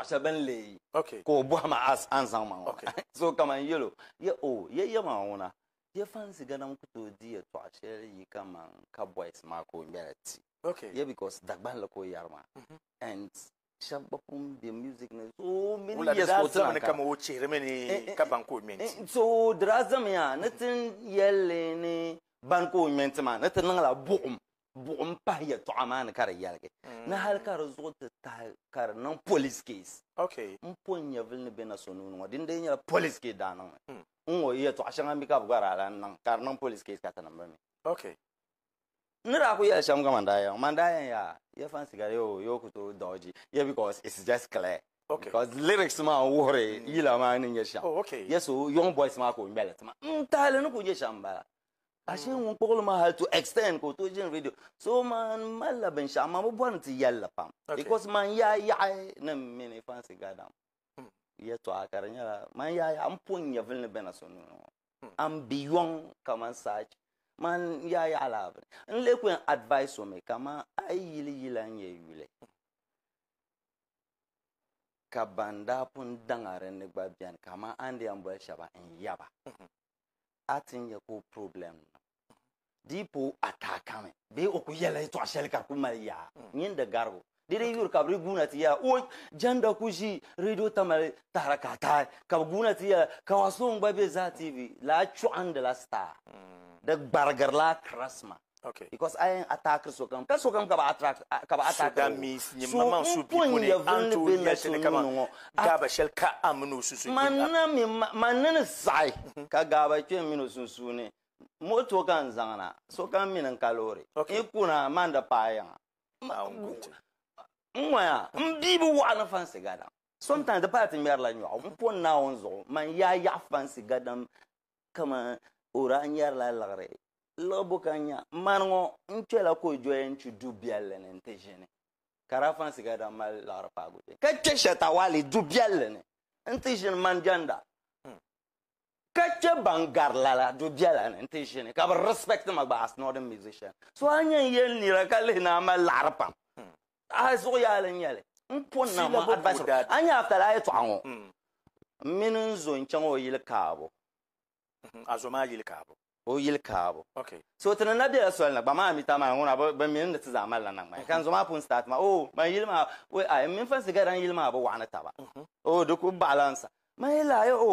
ashaban leyi okay. ko ma as an san ma okay. so kama yelo ye o oh, ye ye ma wona ye fansi gana di diye to ashere yi kama ka boys ma ko nyati okay ye because dagban lo ko yarma mm -hmm. and shabbakum the music na so many years ago. Eh, eh, eh, ko tsama ne kama wuce remeni ka banko menti so drazam ya natin yelle ne banko menti ma natin nan la buum bugum pahiya yɛltɔɣa maa ni ka di yɛligi ni hali ka di zuɣu ti tahi ka di niŋ police case n po n nyɛ vili ni bɛ na so nuuni ŋɔ din dee nyɛla police case daa niŋmi n ŋɔ yɛltɔɣa shɛŋa mi ka bi gari ala niŋ ka di niŋ police case ka ti niŋ bi mi ni daa ku yɛli shɛm ka man daa yɛn man daa yaa yɛ fan sigari yoo yoo ku tooi dɔɔji yɛ because it's just clear Okay. Because lyrics ma wuhiri yila maa ni nyɛ shɛm. okay. Yɛ so young boys maa ko n gbɛli tima. N tahali ni ku nyɛ shɛm bala. ashe wọn kpọkọlọ ma ha to extend ko to jin radio so man ma labɛn shi bɔ ni ti pam because man ya ya na si fansi gadam hmm. ya to a karin nyala man ya ya an pon ya vilni bena so nuno hmm. an biyon kaman saci man ya ya ala n in lekun advice o me kama yi yili an ye yule ka ban banda pun dangaren gba gbabiyan kama an da yan bɔ shaba n yaba hmm. n ye ko problem na dipo atakame be o ku yela to ashel ka ku ya. nyin mm. nyinda garo dire yur kabri guna tiya o janda kuji radio tamal taraka ta ka guna tiya ka wasun ba be za tv la chu and la star mm. da bargar la krasma Okay. Because I attack so kam. Ka so kam ka ba attack ka ba attack. So mi means ni mama su pipo ne anto ya shele kama. Gaba shel ka amno susu. Manna mi manna sai mhm. ka ba ke mino su ne. Moto kan ka n zaŋ na sokam mini n ka loori n kuna manda paɣa yaŋa n ŋɔya n bii bi fansi gadam sometimes di pala ŋmɛrila nyɔɣu n na naawun zuɣu man yaa yaɣa fansi gadam kama ora n yɛrila liɣiri liɣibu ka nya mani ŋɔ n kpɛla ko o n chu du biɛlli ni n ti ʒini ka da fansi gadam mali liɣiri paagu ka kpɛ wali du biɛlli ni n ti ʒini man janda Kacha Bangarlala, Dubialan, and Tishin, cover respect to my bass, not musician. So I yell near na Kalinama Larpam. I saw yell and yell. Mpon number advice that. And after I found hmm. Minunzo in Chango Yil Cabo. Hmm, Azoma Yil Cabo. o yili kaabo okay. so tini na bela soli ni gba maa mi ta maa ŋuna bi mini ni ti ma malila naŋ maa kan zo maa pun start ma. Oh ma yili we ayi min fansi gari an yili maa bi waɣani taba hmm. o di ku baɣala ma yila yo.